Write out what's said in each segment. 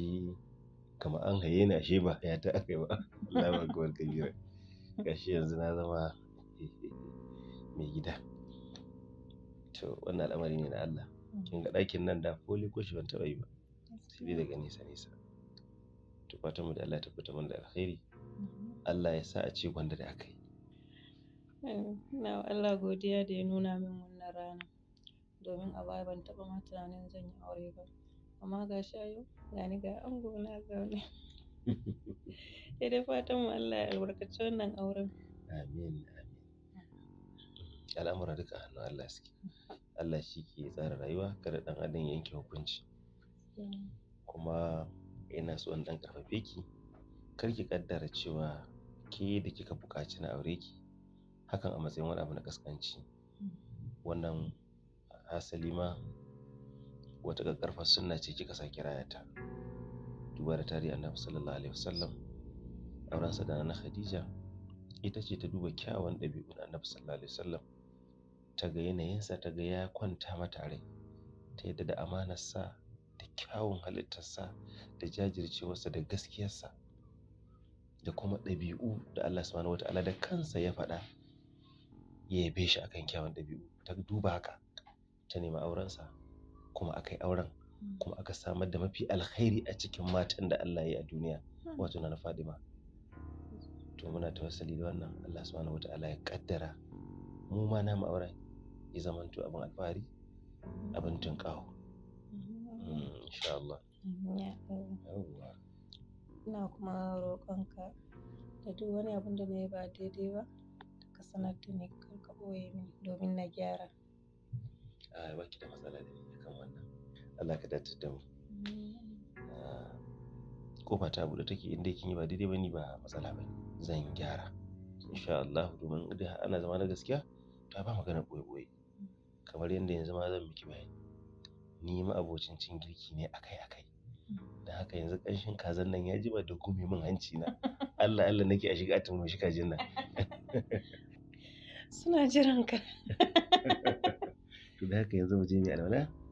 shi kamar an haye ni ashe ba ya ta aka ba Allah ba kawar kabira gashi yanzu na zama mai gida to wannan al'amari ne na Allah kin ga ɗakin nan da koli ko shi ban taɓa yi ba sai dai daga nesa nesa to fatan mu da Allah ya tabbata mana da alkhairi Allah ya sa a ce gwanda da aka yi na Allah godiya da ya nuna min wannan rana domin a baya ban taɓa ma tunanin zan yi aure ba amma ga shayo ni ga ango na zaune sai dai fatan mu Allah ya albarkaci wannan auren amin amin al'amura duka hannun Allah suke Allah shi ke tsara rayuwa kada ɗan adam yanke hukunci kuma ina so in dan karfafe ki kar ki kaddara cewa ke da kika buƙaci na aure ki hakan a matsayin wani abu na kaskanci wannan asali ma wata ƙarƙarfar sunna ce kika sake rayata duba da tarihi annabi sallallahu alaihi wasallam sa da na khadija ita ce ta duba kyawun ɗabi'un annabi sallallahu alaihi wasallam ta ga yanayinsa ta ga ya kwanta mata rai ta yadda da amanarsa da kyawun halittarsa da jajircewarsa da gaskiyarsa da kuma ɗabi'u da Allah subhanahu wata'ala da kansa ya faɗa ya yabe shi akan kyawun ɗabi'u ta duba haka ta nemi aurensa kuma aka yi auren hmm. kuma aka samar da mafi alkhairi a cikin matan da Allah ya yi a duniya hmm. wato na Fadima to muna tawassali da wannan Allah subhanahu wataala ya kaddara mu ma namu auren ya to abin alfahari abin tunkawo hmm, insha Allah ina kuma roƙonka da duk wani abin da bai ba daidai ba ka sanar da ni kar ka ɓoye mini domin na gyara a baki da matsala da ni akan wannan Allah ka dace da mu ah, kofa ta buɗe take in dai kin yi ba daidai bane ba matsala bane zan gyara insha Allah domin idan ana zama na gaskiya ta ba magana boye boye kamar yadda yanzu ma zan miki bayani ni ma abocin cin girki ne akai akai da haka yanzu ƙanshin kazan nan ya jima da gumi min hanci na Allah Allah nake a shiga atun shi kajin nan suna jiran ka to da haka yanzu mu je mu alwala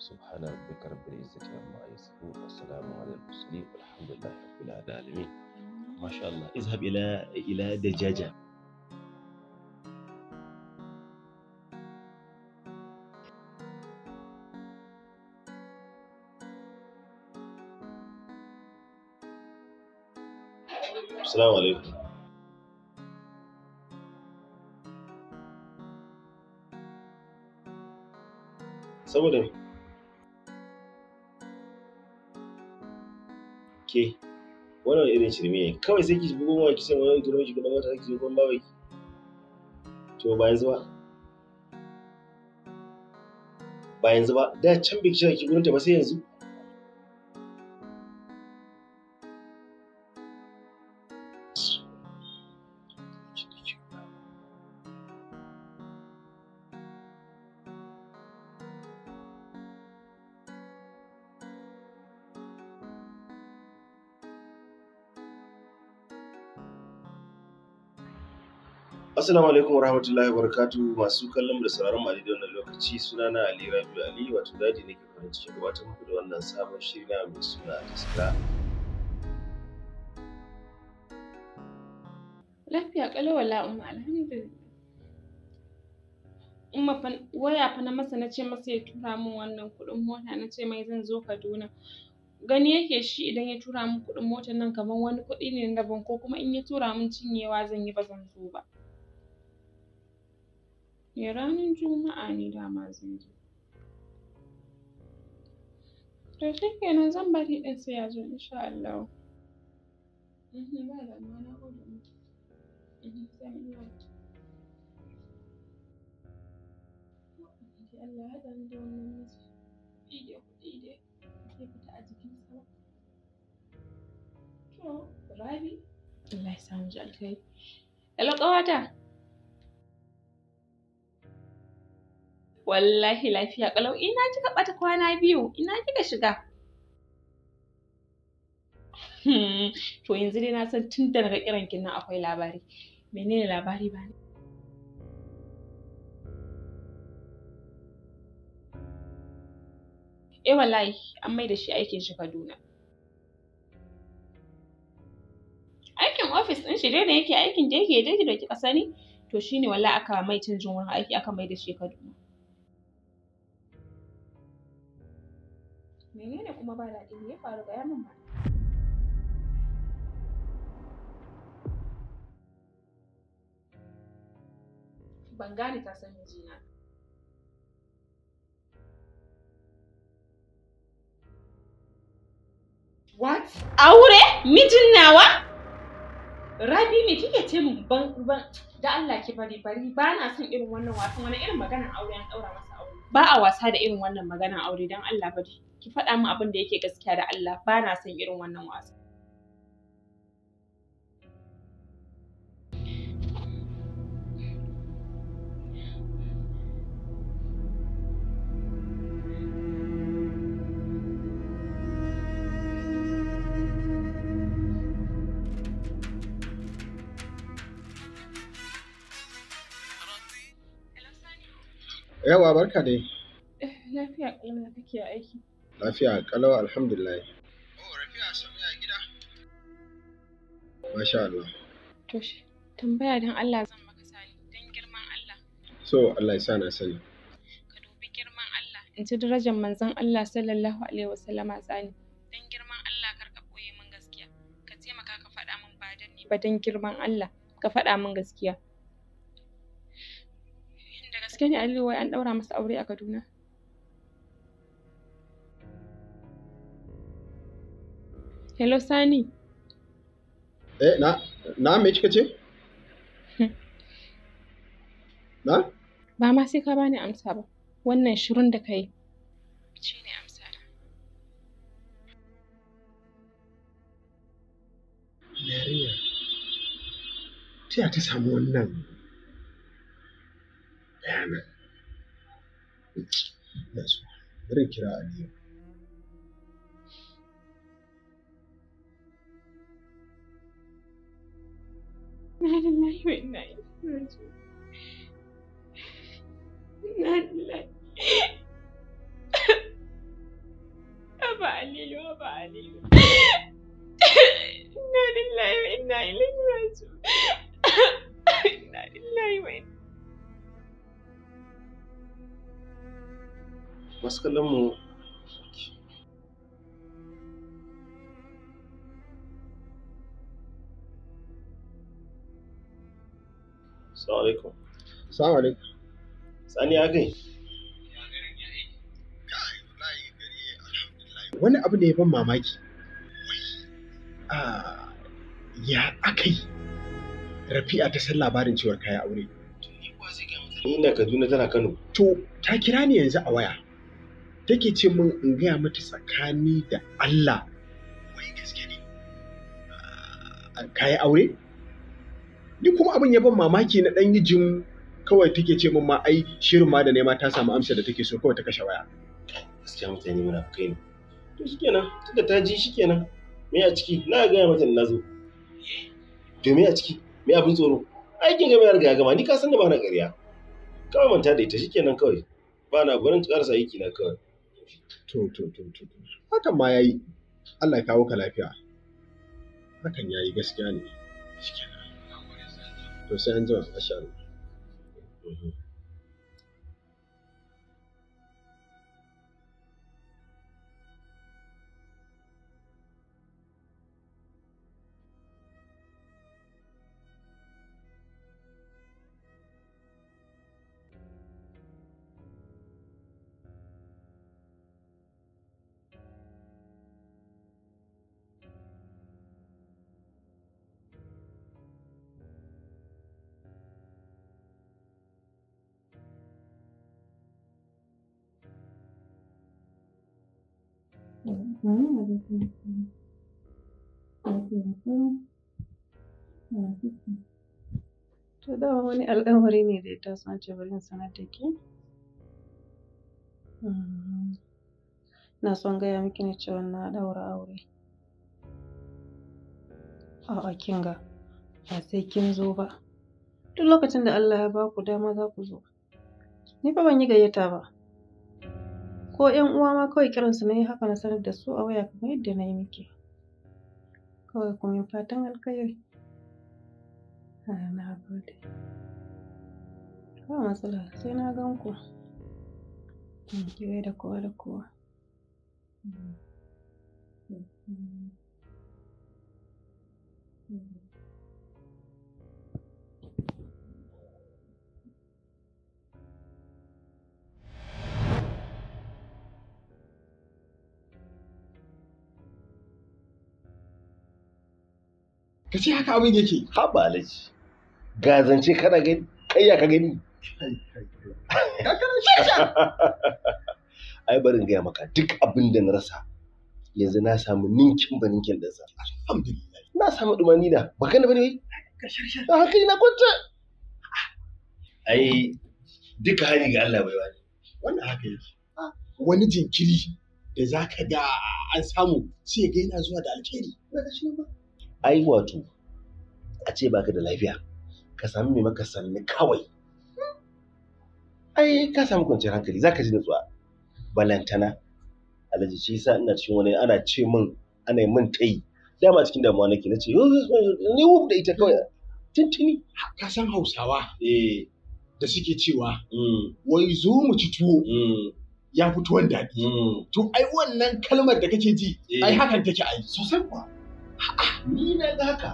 سبحان ربك رب العزة عما يصفون والسلام على المرسلين والحمد لله رب العالمين ما شاء الله اذهب إلى إلى دجاجة السلام عليكم saboda ke wannan irin shirme ne kawai sai ki bugun wani kisan wani ki roki kudin wata ki gwan babai to ba yanzu ba ba yanzu ba da can da ke gurin ta ba sai yanzu Assalamu alaikum wa barakatuh masu kallon da sauraron mu a wannan lokaci suna na Ali Rabiu Ali wato ne ke farin cikin gabatar muku da wannan sabon shiri na mai suna Tasira. Lafiya kalau umma alhamdulillah. Umma fa waya fa na masa nace masa ya tura min wannan kuɗin mota nace mai zan zo Kaduna. Gani yake shi idan ya tura min kuɗin motar nan kamar wani kuɗi ne na daban ko kuma in ya tura min cinyewa zan yi ba zan zo ba. Eh ranar Juma'a ne dama zai To shi kenan zan bari ɗin sai ya zo insha Allah. Mhm, ba da ma na gode miki. Mhm, Allah ya da wannan miji. kuɗi fita a jikinsa ba. To, Rabi. Allah ya samu Hello ƙawata. Wallahi lafiya ƙalau ina kika ɓata kwana biyu ina kika shiga. Hmm, to yanzu dai na san tun da daga kiran kin nan akwai labari. Menene labari ba ne? Eh wallahi an mai da shi aikin shi Kaduna. Aikin ofis ɗin shi dai da yake aikin da yake da kika sani to shine wallahi aka mai canjin wurin aiki aka mai da shi Kaduna. menene kuma ba daɗi me ya faru bayanin ba ban gane ta san mijina What? Aure? Mijin nawa? Rabi me kike ce min ban ban da Allah ki bari bari ba na son irin wannan wasan wani irin magana aure an daura masa ba a wasa da irin wannan maganan aure don Allah bari ki faɗa min abin da yake gaskiya da Allah ba na son irin wannan wasa Yawa barka dai. Eh, lafiya kalau ya kake aiki. Lafiya kalau alhamdulillah. Oh Rafi'a sami a gida. Masha Allah. To shi tambaya don Allah zan maka sani don girman Allah. So Allah ya sa na sani. Ka dubi girman Allah in ci darajar manzon Allah sallallahu alaihi wasallama tsani. Don girman Allah kar ka boye min gaskiya. Ka taimaka ka faɗa min ba don ni ba don girman Allah ka faɗa min gaskiya. gaske ne Aliyu wai an ɗaura masa aure a Kaduna? Hello Sani. Eh na na me kika ce? Hmm. Na? Ba ma sai ka bani amsa ba. Wannan shirin da kai shi ne amsa da. Yarinya. Ta ta samu wannan Ahmed. Aba Aliyu, aba Aliyu. Na lillahi wa inna ilaihi raji'un. Na lillahi wa masu kallon mu Assalamu alaikum. Assalamu alaikum. Sani ya kai. Wani abu ne ban mamaki. Ah, ya aka yi Rafi'a ta san labarin cewar kaya aure. Ni na Kaduna tana Kano. To, ta kira ni yanzu a waya. take ce min in gaya mata tsakani da Allah wai gaske ne ah, kayi aure ni kuma abin ya ban mamaki na dan yijin kawai take ce min ma ai shirin ma da nema ta samu amsa da take so kawai ta kashe waya gaskiya mutane muna kai ne to shikenan tunda ta ji shikenan me a ciki na gaya mata na to me a ciki me abin tsoro aikin gaba ya riga gama ni ka san da ba na ƙarya kawai manta da ita shikenan kawai ba na gurin ƙarasa aiki na kawai to to to to hakan ma yayi Allah ya kawo ka lafiya hakan yayi gaskiya ne to sai an jima insha Voilà, To dama wani alƙawari ne da ta taso an ce bari in ke. Ina son gaya miki ne cewa na ɗaura aure. A'a kin ga ba sai kin zo ba. Duk lokacin da Allah ya ba ku dama za ku zo. Ni fa ban yi gayyata ba. ko ƴan uwa ma kawai kiran na nayi haka na sanar da su a waya kamar yadda na yi miki kawai ku min fatan alkhairi na gode ba matsala sai na gan ku ki da kowa da kowa hmm. Hmm. ka ce haka abin yake ha alaji ga zance kana gani kai ya ka gani ai barin gaya maka duk abin da na rasa yanzu na samu ninkin ba ninkin da sa alhamdulillah na samu dumani na ba kana bane wai a hankali na kwanta ai duka hali ga Allah bai wani wannan haka yake ah. wani jinkiri da zaka ga an samu sai ga yana zuwa da alkhairi ba ka shi ba ai wato a ce baka da lafiya ka sami mai maka sanni kawai ai ka samu kwanciyar hankali zaka ji nutsuwa balantana alhaji shi yasa ina cikin wani ana ce min ana min tai dama cikin damuwa nake ce. ni wuf da ita kawai tintini ka san Hausawa eh da suke cewa mm. wai zo mu ci tuwo mm. ya fi tuwon daɗi mm. to ai wannan kalmar da kake ji eh. ai hakan take ai sosai kuwa ni na ga haka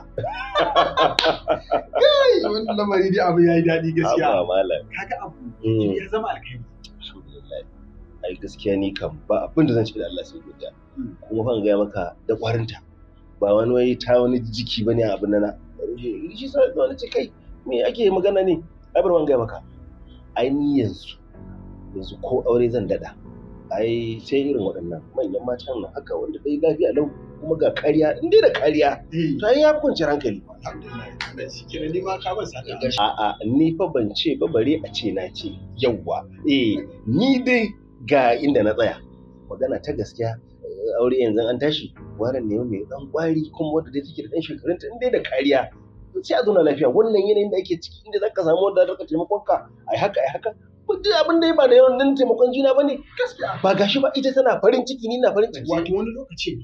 kai wannan lamari dai abu yayi daɗi gaskiya amma malam kaga abu mm. ya zama alkhairi alhamdulillah ai gaskiya ni kam ba abin da zan ce da Allah sai godiya mm. kuma fa ga maka da kwarinta ba wani wai ta wani jiki bane a abin nan shi sai da wani ce kai me ake magana ne ai bar wani ga maka ai ni yanzu yanzu ko aure zan dada ai sai irin waɗannan manyan matan na haka wanda dai lafiya lau kuma ga kariya in dai da kariya eh. to ai ya fi kwanciyar hankali a'a ni fa ban ce ba bare a ce na ce yawwa eh ni dai ga inda na tsaya magana ta gaskiya eh, aure yanzu an tashi waran ne mai dan kwari kuma wanda dai take da dan shekarun ta in dai da kariya sai a zauna lafiya wannan yanayin da ake ciki inda zaka samu wanda zaka taimakon ka ai haka ai haka duk abin da ya ba da yawan nan taimakon juna ba ne ba gashi ba ita tana farin ciki ni na farin ciki wato wani lokaci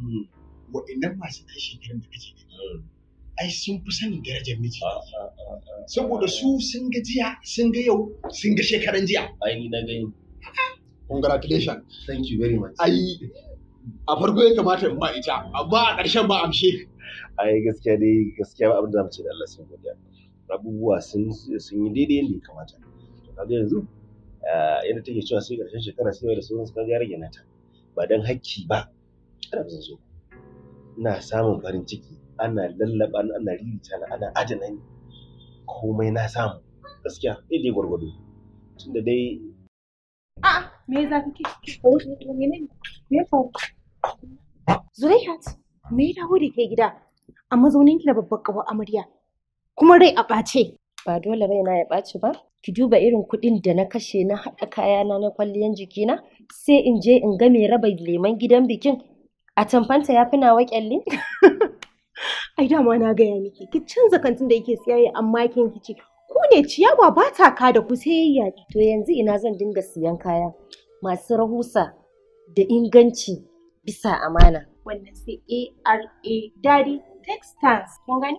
waɗannan masu kai shekarun da kake gani mm. ai sun fi sanin darajar miji ah, ah, ah, saboda su sun ga jiya sun ga yau sun ga shekaran jiya ai ni na gani congratulations thank you very much ai a farko ya kamata in ba ita amma a ƙarshen ba amshe ai gaskiya dai gaskiya ba abin da zamu ce da Allah sai godiya abubuwa sun sun yi daidai yadda ya kamata to kaga yanzu Eh, inda take cewa sai ƙarshen shekara sai mai da sauran su kaga rage nata ba dan hakki ba ana zan zo ina samun farin ciki ana lallaba ni ana ririta ni ana adana ni komai na samu gaskiya dai dai gwargwado tunda dai a me za ka ke me ya faru Zulaihat me ya dawo da ke gida a mazaunin ki da babbar kawo amarya kuma rai a ɓace ba dole raina ya ɓaci ba ki duba irin kuɗin da na kashe na haɗa kayana na kwalliyan jikina sai in je in ga mai raba leman gidan bikin a tamfanta ya fi nawa kyalli ai dama na gaya miki ki canza kantin da yake siyayya amma kin kici ku ne ciyawa ba ta ka da ku sai yayi to yanzu ina zan dinga siyan kaya masu rahusa da inganci bisa amana wannan sai ARA Daddy Textiles mun gani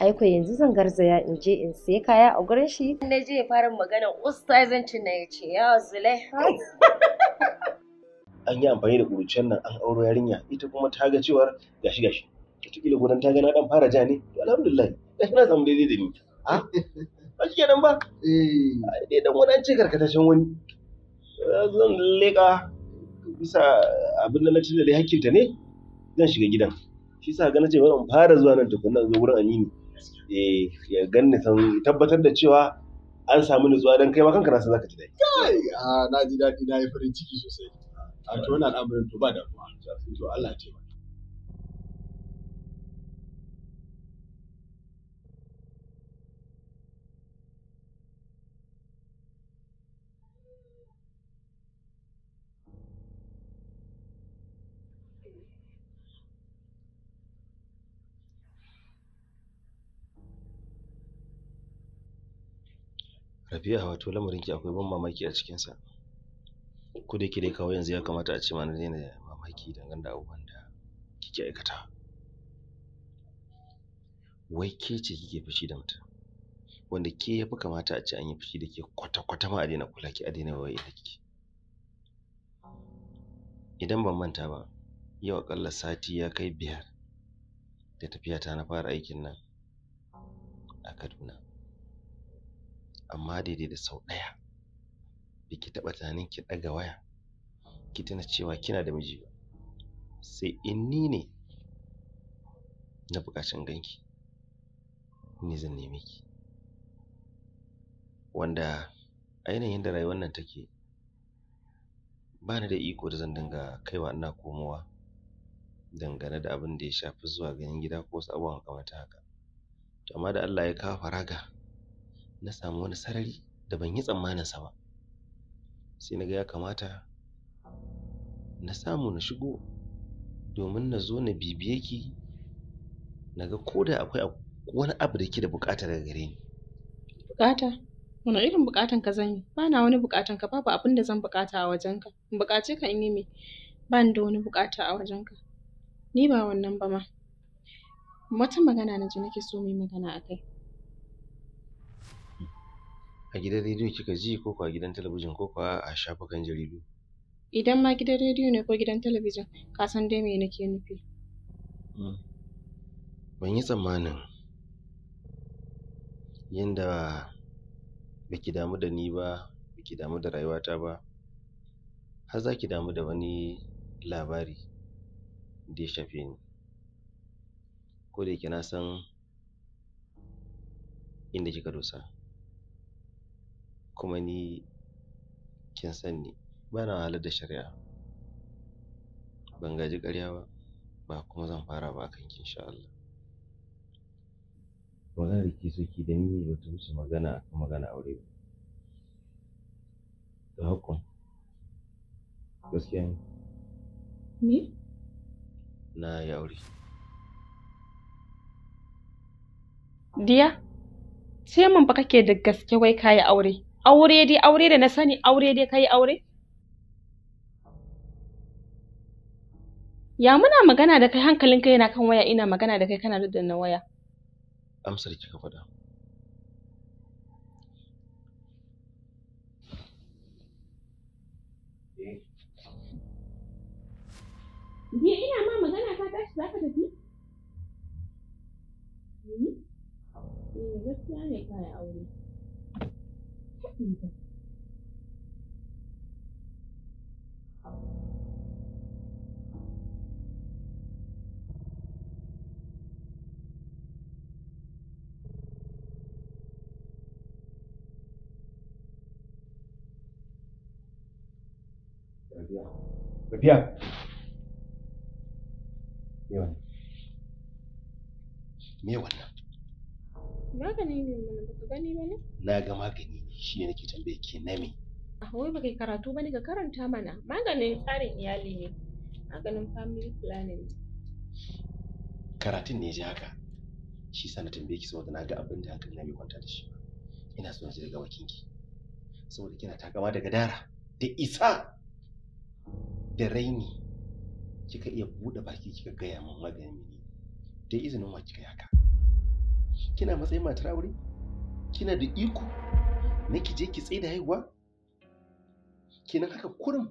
aiko yanzu zan garzaya in je in sai kaya a gurin shi na je fara magana ustazancin na ya ce ya zule an yi amfani da kuruciyar nan an auro yarinya ita kuma ta ga cewar gashi gashi wataƙila gudan ta ga na dan fara ja ne to alhamdulillah shi na samu daidai da ni a ah, ba shi kenan ba eh dai dan wani an ce karkatashin wani eh, zan leka bisa abin da na ci da dai hakkinta ne zan shiga gidan shi sa ga na ce bari in fara zuwa nan tukunna zo gurin amini. E, ya ganni san tabbatar da cewa an samu nutsuwa don kai ma kanka na san zaka ji daɗi ah, na ji daɗi na yi farin ciki sosai a to wannan al'amarin to ba damuwa to Allah ya Rafi'a wato lamarin ki akwai ban mamaki a cikin sa. Ko da yake dai kawo yanzu ya kamata a ce ma na daina mamaki dangane da abubuwan da kike aikata. Wai ke ce kike fushi da mutum wanda ke yafi kamata a ce an yi fushi da ke kwata-kwata ma a daina kula ki a daina wai da ke Idan ban manta ba yau akalla sati ya kai biyar da tafiyata na fara aikin nan a Kaduna. amma daidai da sau ɗaya da taɓa tunanin ki ɗaga waya ki tuna cewa kina da miji sai in ni ne na buƙacin ganki ni zan neme ki wanda a yanayin da rayuwar nan take ba ni da iko da zan dinga kaiwa ina komowa dangane da abin da ya shafi zuwa ganin gida ko wasu abubuwan kamar haka to amma da Allah ya kawo faraga na samu wani sarari da ban yi tsammanin sa ba sai na ga ya kamata na samu na shigo domin na zo na bibiye ki na ga ko da akwai wani abu da ke da bukata daga gare ni bukata wani irin bukatan ka zan yi ba na wani bukatan ka babu abin da zan bukata a wajen ka in bukace ka in yi me ba ni da wani bukata a wajen ka ni ba wannan ba ma wata magana na ji nake so mu yi magana a kai a gidan rediyo kika ji ko a gidan talabijin ko kuwa a shafukan jaridu idan ma gidan rediyo ne ko gidan talabijin ka san dai me nake nufi hmm. ban yi tsammanin yadda ki damu da ni ba ba ki damu da rayuwata ba har za ki damu da wani labari da ya shafe ni ko da yake na san inda kika dosa kuma ni kin san ni na wahalar da shari'a ban gaji ƙarya ba ba kuma zan fara ba akan ki insha Allah magana da ke so ki da ni ba ta wuce magana akan magana aure ba da hakan gaskiya ne na yi aure diya sai mun fa kake da gaske wai kayi aure aure dai aure da na sani aure dai kai aure ya muna magana da kai hankalinka yana kan waya ina magana da kai kana na waya amsar kika faɗa Jiya ina ma magana ka tashi za ka tafi? Hmm? Eh gaskiya ne kaya aure. aikinta. Tafiya. Yawan. Me Magani ne mana gani ba ne? Na ga magani. shi ne nake tambaye ke na ah, wai baka karatu bane ka karanta mana maganin tsarin iyali ne maganin family planning karatun ne ji haka shi sa na tambaye ki saboda na ga abin da hankali na bai kwanta da shi ina so na ji daga wakinki saboda kina takama daga gadara da isa da raini kika iya buɗe baki kika gaya min maganin mene da izinin wa kika yi haka kina matsayin matar aure kina da iko na ki je ki tsaye da haihuwa kenan haka kurum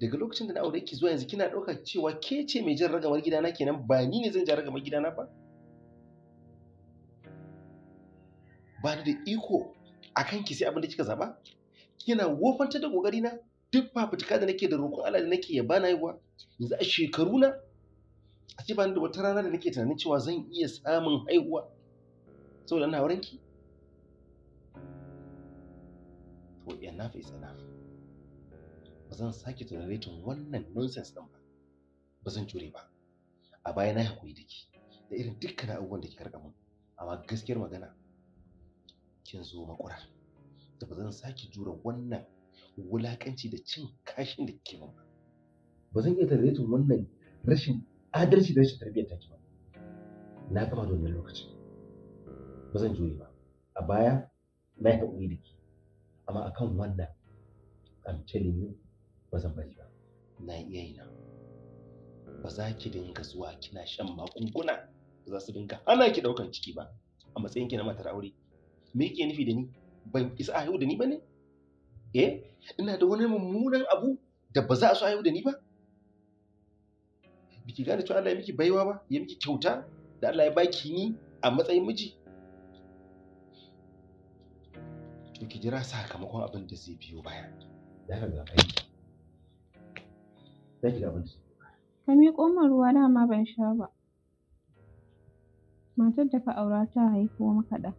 daga lokacin da na aure ki zuwa yanzu kina ɗauka cewa ke ce mai jan ragamar gidana kenan ba ni ne zan ja ragamar gidana ba ba ni da iko a kan ki sai abin da kika zaba kina wofanta da kokari na duk fafutuka da nake da roƙon Allah da nake ya bana haihuwa yanzu a shekaru na a ce ba ni da wata rana da nake tunanin cewa zan iya samun haihuwa saboda na auren ki to enough is enough ba zan sake tolerating wannan nonsense din ba ba zan jure ba a baya na hakuri da ke da irin dukkanin abubuwan da ke karɓa mun amma gaskiyar magana kin zo makura da ba zan sake jura wannan wulakanci da cin kashin da ke ba ba zan iya tolerating wannan rashin adalci da rashin tarbiyyar take ba na gama da wannan lokacin ba zan jure ba a baya na yi haƙuri da ke amma akan wannan an ce you ba zan bari ba na iya yi nan ba za ki dinga zuwa kina shan magunguna za su dinga hana ki daukan ciki ba a matsayin ki na matar aure me yake nufi da ni ban isa haihu da ni ba ne eh ina da wani mummunan abu da ba za a so haihu da ni ba biki gane cewa Allah ya miki baiwa ba ya miki kyauta da Allah ya baki ni a matsayin miji to ki jira sakamakon abin da zai biyo baya za ka ga kai ki ga abin da ka miƙo min ruwa dama ban sha ba matar da ka aura ta haifo maka da.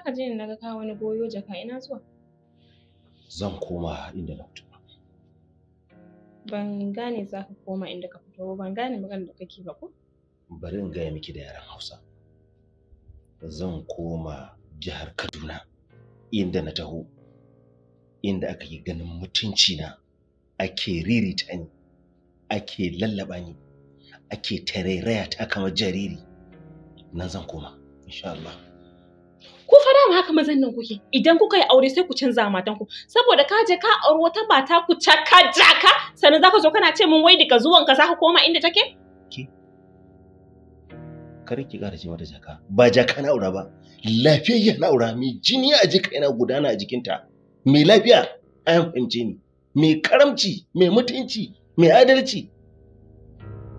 ka je na ga ka wani goyo jaka ina zuwa? Zan koma inda na fito. Ban gane za ka koma inda ka fito ban gane magana da kake ba ko? Bari in gaya miki da yaran Hausa. Zan koma jihar Kaduna inda na taho inda aka yi ganin mutunci na ake ririta ni ake lallaba ni ake tarairaya ta kamar jariri nan zan koma insha Allah. ku fa dama haka mazan nan kuke idan kuka yi aure sai ku canza matan ku saboda ka je ka auri wata mata ku caka jaka sannan zaka zo kana ce mun wai daga zuwan ka zaka koma inda take ki kar ki ƙara cewa da jaka ba jaka na aura ba lafiyayya na aura mai jini a jika yana gudana a jikinta mai lafiya an fahimce ni mai karamci mai mutunci mai adalci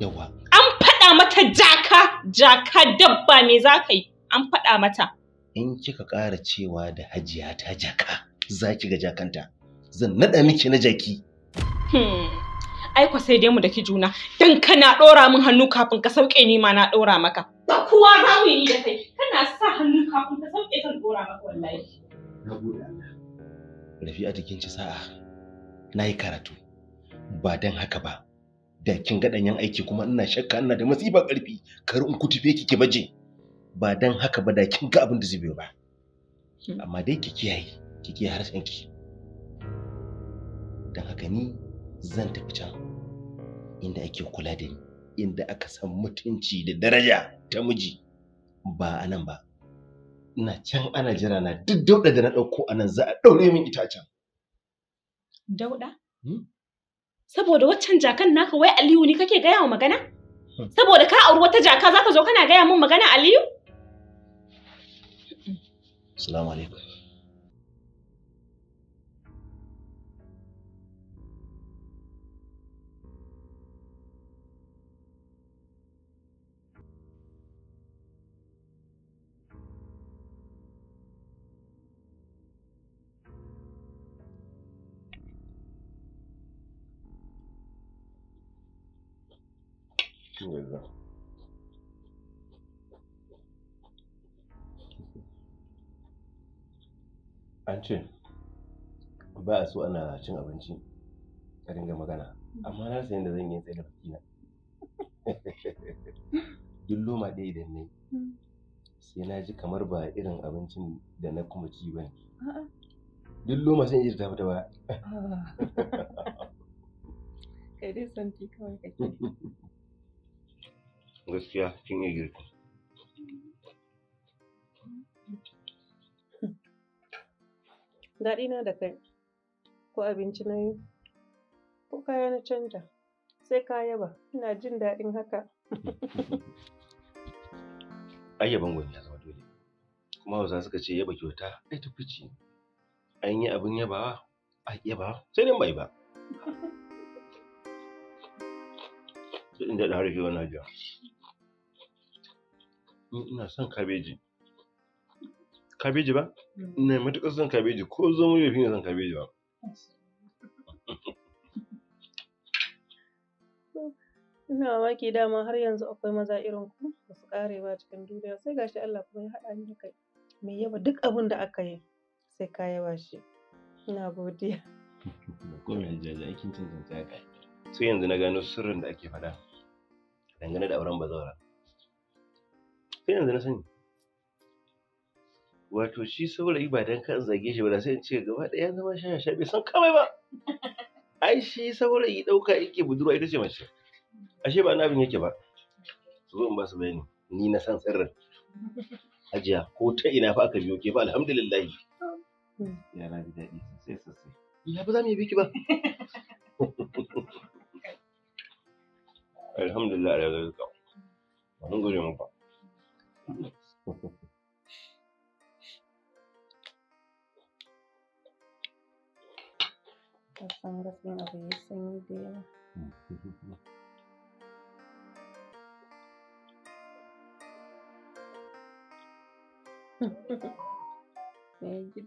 yawa an faɗa mata jaka jaka dabba me za ka yi an faɗa mata in kika ƙara cewa da hajiya ta jaka za ki ga jakanta zan naɗa miki na jaki. Hmm. Ai kwa sai dai mu da ki juna dan kana ɗora min hannu kafin ka sauke ni ma na ɗora maka. Ba kowa za mu yi da kai kana sa hannu kafin ka sauke kan ɗora maka wallahi. Na gode Allah. a jikin ci sa'a na yi karatu ba dan haka ba da kin ga ɗanyen aiki kuma ina shakka ina da masifar ƙarfi kar in kutufe ki ki baje. ba dan haka ba da kin ga abin da zai biyo ba hmm. amma dai ki kiyaye ki kiyaye har sanki dan haka ni zan tafi can inda ake kula da ni inda aka san mutunci da daraja ta miji ba a nan ba ina can ana jira na duk dauda da na ɗauko a nan za a ɗaure min ita can dauda hmm? saboda waccan jakan naka wai aliyu ne kake gaya wa magana hmm. saboda ka auri wata jaka zaka zo kana gaya min magana aliyu Assalamu alaikum. cin ce ba a so ana cin abinci a dinga magana amma na san da zan yi tsaye da bakina duk loma ɗaya idan ne, sai na ji kamar ba irin abincin da na kuma ci ba ne duk loma sai yi ji ta fita ba kai dai santi kawai kake gaskiya kin yi girki daɗina da kai ko abinci na yi ko kaya na canja sai ka yaba ina jin daɗin haka ai yaban gwani ya zama dole kuma wasu suka ce yaba kyauta ai ta fice an yi abin yabawa a yaba sai dai bai ba sai in daɗa harfi wani hajiya ina son kabeji kabeji ba mm. na matuƙar son kabeji ko zama bai fi son kabeji ba ina mamaki dama har yanzu akwai maza irin ku ba su ƙare ba cikin duniya sai gashi Allah kuma ya haɗa ni da kai mai yaba duk abin da aka yi sai ka yaba shi ina godiya ko mai jaji aikin cancanta ya kai sai yanzu na gano sirrin da ake faɗa dangane da auren bazawara sai yanzu na sani wato shi saurayi ba dan kan zage shi ba da sai in ce gaba ɗaya zama zama shashasha bai san kamai ba ai shi saurayi ɗauka yake budurwa ita ce mace ashe ba na abin yake ba zo in ba su bayani ni na san tsirrin. ajiya ko ta ina fa aka biyo ke ba alhamdulillah yara bi daɗi sosai sosai ya ba za mu yi biki ba alhamdulillah ya Ba mun gode muku Están las maravillas en mi Medyo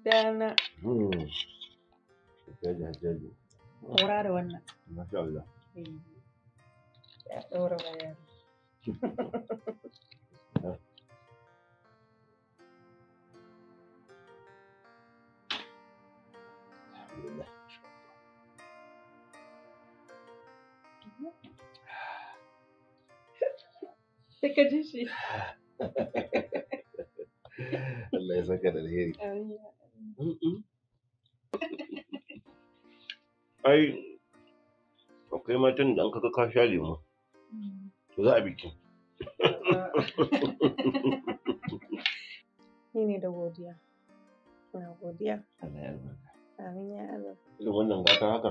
dana. Oo. Jaja, jaja. Ora da wannan. Masha Allah. Iya. Ya tsoro bayan. Alhamdulillah. Sai ka ji shi. Allah ya saka da Ai, akwai matan da an kaka kasha lemu. za a biki. Ni ne da godiya. Na godiya. Amin ya Allah. wannan gata haka.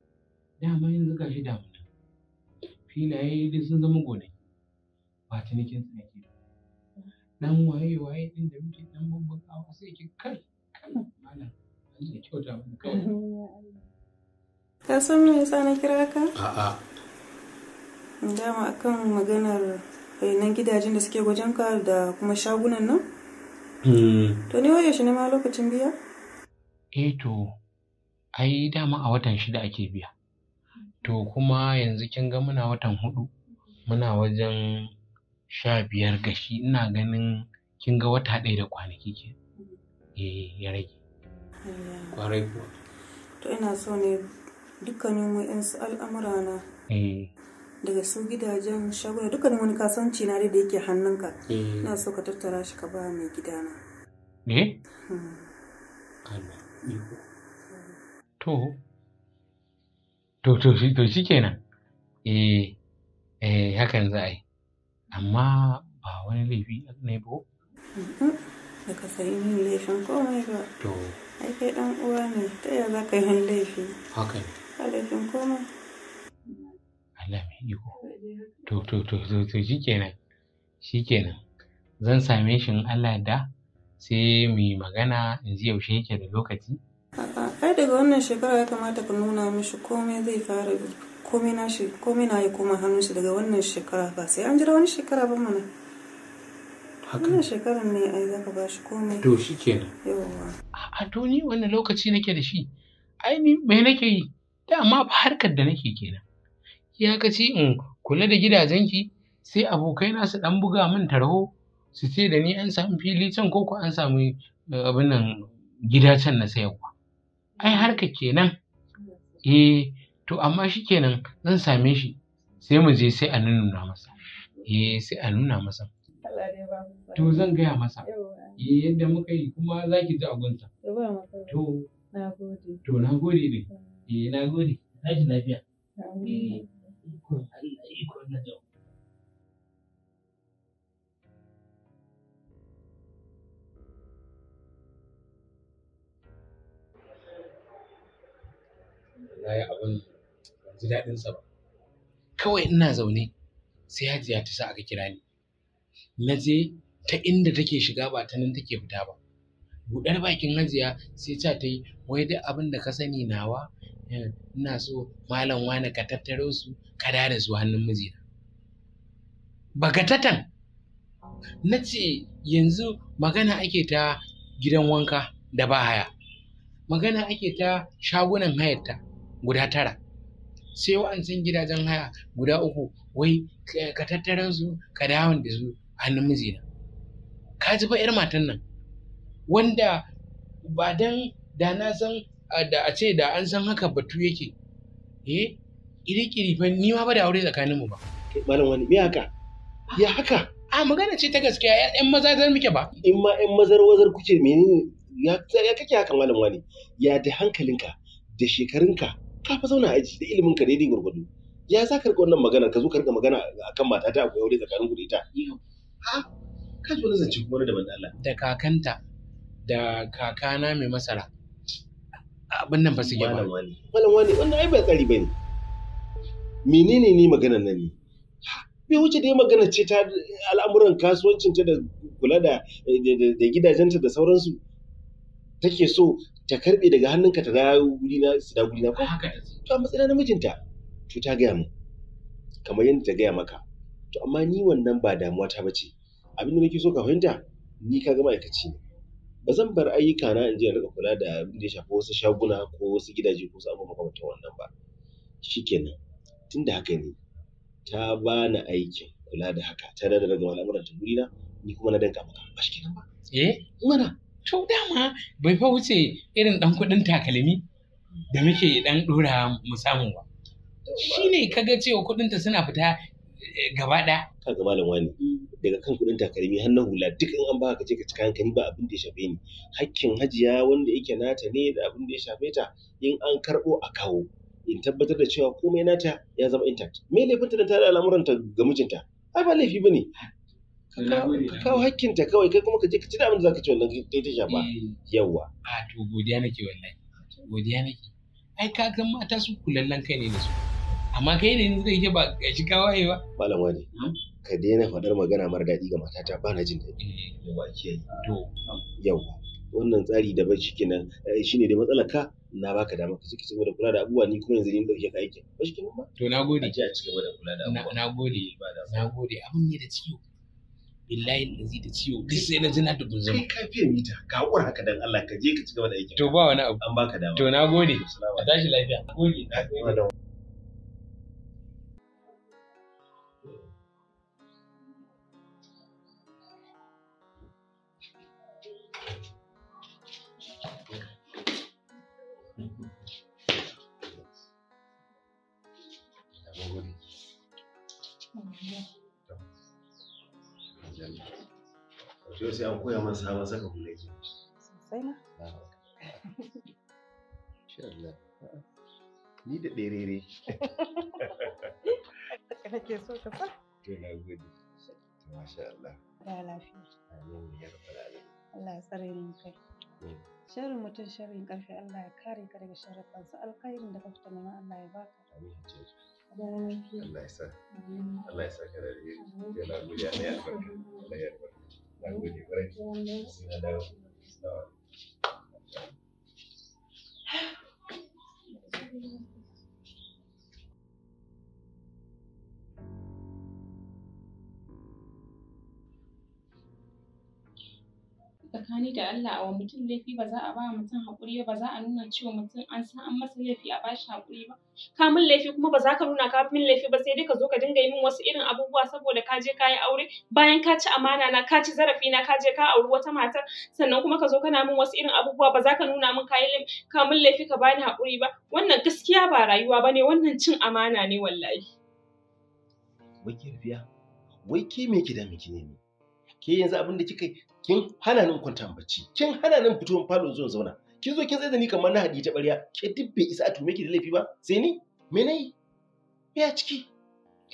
dama yanzu ga shi damuna filaye da sun zama gonaki ba nake su nake dan waye waye din da muke dan babban kawo sai ke kai kana mana Allah ya kyauta mu ka san me yasa na kira ka a'a dama akan maganar nan gidajen da suke wajen ka da kuma shagunan nan hmm. to ne waye shi ne ma lokacin biya eh to ai dama a watan shida ake biya to kuma yanzu kin ga muna watan hudu, muna wajen sha biyar gashi, ina ganin kin ga wata ɗaya da kwanaki ke eh, ya rage ƙwarai kuwa to ina so ne dukkanin wa'insu al'amura na eh. daga su gidajen shaguna dukkanin wani kasance na da yake hannunka eh. ina so ka tattara shi ka ba mai gidana eh to To, to, shi, kenan. Eh, eh, hakan za a yi. Amma ba wani laifi ne ba. Da mm-hmm. ka sayi laifin komai ba. To. ake dan uwa ne, ta yi zaka ka yi laifi? Haka ne. Ba laifin komai. Allah mai iko. To, to, to, to, to, shi kenan. Shi kenan. Zan same shi in Allah da sai mu yi magana in ji yaushe yake da lokaci. A'a. ai daga wannan shekara ya kamata ka nuna mishi komai zai fara komai na shi komai na ya koma hannun shi daga wannan shekara ba sai an jira wani shekara ba mana wannan shekarar ne ai ka ba shi komai to kenan yawa a to ni wannan lokaci nake da shi ai ni me nake yi amma ba harkar da nake kenan ya kace in kula da gidajenki sai abokaina su dan buga min tarho su ce da ni an samu fili can ko ko an samu eh, abin nan gida can na sayarwa ai harka kenan eh to amma shi kenan zan same shi sai mu je sai a nuna masa eh sai a nuna masa to zan gaya masa eh yadda muka yi kuma za ki ji agunta to to na gode ne mm. eh na gode na ji lafiya eh ikon Allah ikon na yi abin ji daɗin sa ba kawai ina zaune sai hajiya ta sa aka kira ni na je ta inda take shiga ba ta nan take fita ba buɗar bakin hajiya sai ta ta yi wai duk abin da ka sani nawa eh, ina so malam wani ka tattaro su ka dada su hannun mijina bagatatan na ce yanzu magana ake ta gidan wanka da ba haya magana ake ta shagunan hayarta guda tara sai san gidajen haya guda uku wai ka tattara su ka dawon da su hannun mijina ka ji fa 'yar matan nan wanda ba dan da na san da a ce da an san haka batu yake eh iri-iri fa ni ma ba da aure tsakanin mu ba malam wani me haka ya haka a magana ce ta gaskiya yan zan muke ba in ma yan mazar wazar kuce menene ya kake haka malam wani ya da hankalinka da shekarunka ka fa zauna aji da ilimin ka daidai gurgudu ya za ka rika wannan magana ka zo ka rika magana akan mata ta akwai aure tsakanin ku da ita ha ka zo wani zance kuma da banda Allah da kakanta da kakana mai masara abin nan ba su gaba malam wani wani wannan ai bai tsari bane menene ne maganar nan ne bai wuce dai magana ce ta al'amuran kasuwancin ta da kula da gidajenta da sauransu take so ta karbe daga hannunka ta dawo guri na su dawo guri na ko haka to a matsayin namijinta to ta gaya mu kamar yadda ta gaya maka to amma ni wannan ba damuwa ta bace abin da nake so ka fahimta ni ka ga ma'aikaci ne ba zan bar ayyuka na in je in kula da abin da ya shafi wasu shaguna ko wasu gidaje ko wasu abubuwa makamantan wannan ba shikenan tunda haka ne ta ba ni aikin kula da haka ta da daga al'amuran ta gurina ni kuma na danka maka ba shikenan ba eh mana to dama bai fa wuce irin ɗan kuɗin takalmi da muke ɗan ɗora mu samu ba shi ne kaga cewa kuɗinta suna fita eh, gaba ɗaya ga malam wani daga kan kuɗin takalmi har na hula duk in an ba ka je ka cika hankali ba abin da ya shafe ni hakkin hajiya wanda yake nata ne da abin da ya shafe ta in an karɓo a kawo in tabbatar da cewa komai nata ya zama intact me laifinta da ta da al'amuranta ga mijinta ai ba laifi bane kawo hakkinta kawai kai kuma ka je ka ci abin da zaka ci wannan kai ta shafa eh. yawa a to godiya nake wallahi godiya nake ai ka ga mata su kulallan kai ne da su amma kai ne yanzu da yake ba ga shi kawaye ba malam wani hmm? ka daina faɗar magana mara daɗi ga matata ba na jin daɗi eh. da to yawa wannan tsari da bacci kenan eh, shine da matsalar ka na baka dama ka ciki saboda kula da abubuwa ni kuma yanzu ni dauke ka aikin ba shi kenan ba to nagode a ci a gaba da kula da abubuwa nagode nagode abin ne da ciwo billahi lazi da ciwo duk sai na ji na dubun zama kai kafiyar mita ka hakura haka dan Allah ka je ka ci gaba da aiki. to ba wani abu an baka dama to na gode a tashi lafiya gode na gode Yau sai an koya min sabon saka hula ke. Sosai ma. Ni da so fa? To na Masha Allah. lafiya. Amin ya Allah ya tsare kai. Sharrin mutum sharrin karfi Allah ya kare ka daga sharrin kansa alkhairin da ka fita nema Allah ya baka. Amin Allah ya sa. Allah ya sa ka da Ya na Allah ya na gode kwarai sai dawo Thank you. tsakani da Allah a wa mutum laifi ba za a ba mutum haƙuri ba ba za a nuna cewa mutum an san an masa laifi a bashi haƙuri ba ka min laifi kuma ba za ka nuna ka min laifi ba sai dai ka zo ka dinga yi min wasu irin abubuwa saboda ka je ka yi aure bayan ka ci amana na ka ci zarafi na ka je ka auri wata matar sannan kuma ka zo kana min wasu irin abubuwa ba za ka nuna min ka yi ka min laifi ka bani haƙuri ba wannan gaskiya ba rayuwa ba ne wannan cin amana ne wallahi. Wai ke wai ke me ki da miki ne ke yanzu abin da kika kin hana ni kwanta bacci kin hana nan fito falo zuwa zauna kin zo kin tsaye da ni kamar na hadi ta barya ke duk bai isa a tume ki da laifi ba sai ni me nayi me a ciki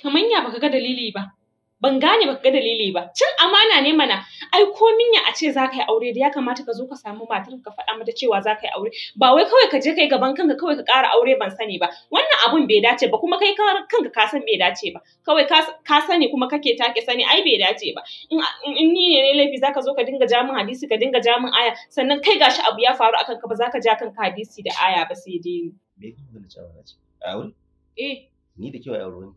kamar ya baka ga dalili ba ban gane ba ga dalili ba cin amana ne mana ai ko minya a ce za ka yi aure da ya kamata ka zo ka samu matar ka faɗa mata cewa za ka yi aure ba wai kawai ka je kai gaban kanka kawai ka ƙara aure ban sani ba wannan abun bai dace ba kuma kai kanka ka san bai dace ba kawai ka sani kuma kake take sani ai bai dace ba in ni ne laifi za ka zo ka dinga jamin hadisi ka dinga jamin aya sannan kai gashi abu ya faru akan ka ba za ka ja kanka hadisi da aya ba sai dai ni. Me da cewa ce? Aure? Eh. Ni da kyau aure ne.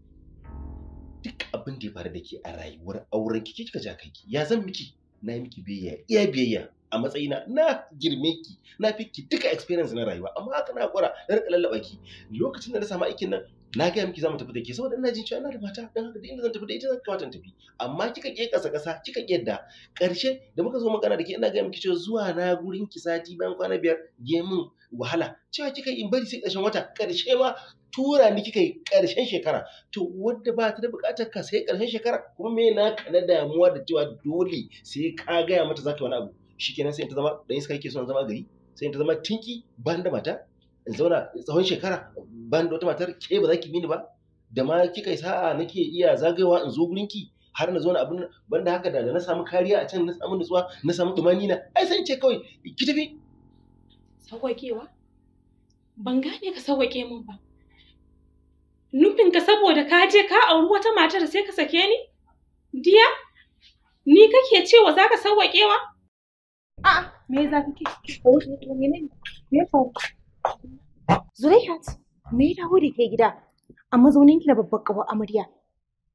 duk abin da ya faru da ke a rayuwar auren ki kika ja kanki ya zan miki na miki biyayya iya biyayya a matsayina na girme ki na fi duka experience na rayuwa amma haka na gwara na rika lallaba ki lokacin da na samu aikin nan na gaya miki zamu tafi da ke saboda ina jin cewa ina da mata dan haka duk inda zan tafi da ita zan kawata tafi amma kika ke kasa kasa kika ke yadda karshe da muka zo magana da ke ina gaya miki cewa zuwa na gurin ki sati bayan kwana biyar ya min wahala cewa kika in bari sai karshen wata karshe ma tura ni kika yi ƙarshen shekara to wadda ba ta da buƙatar ka sai ƙarshen shekara kuma me na ka na damuwa da cewa dole sai ka gaya mata zaka wani abu shikenan sai ta zama dan iska so son zama gari sai ta zama tinki ban da mata in zauna tsawon shekara ban da wata matar ke ba za ki mini ba da ma kika yi sa'a nake iya zagayewa in zo gurin ki har na zo na abin banda haka da na samu kariya a can na samu nutsuwa na samu dumani na ai sai ce kawai ki tafi sauƙaƙewa ban gane ka sauƙaƙe min ba nufin ka saboda ka je ka auri wata matar sai ka sake ni diya ni kake cewa za ka sawwaƙewa a'a me za ka ke me me ya dawo da ke gida a mazaunin ki da babbar kawo amarya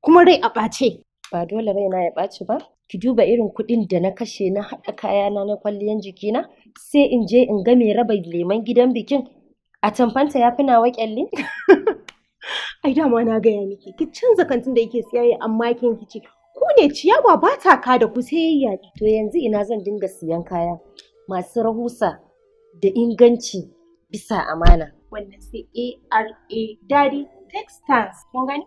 kuma rai a ɓace ba dole rai na ya ɓace ba ki duba irin kuɗin da na kashe na haɗa kayana na kwalliyan jikina sai in je in ga mai raba leman gidan bikin a tamfanta ya fi nawa ƙyalli ai da ma na gaya miki ki canza kantin da yake siyaye amma kin kici ku ne ciyawa ba ta ka da ku sai yayya to yanzu ina zan dinga siyan kaya masu rahusa da inganci bisa amana wannan sai ARA Daddy Textiles kun gani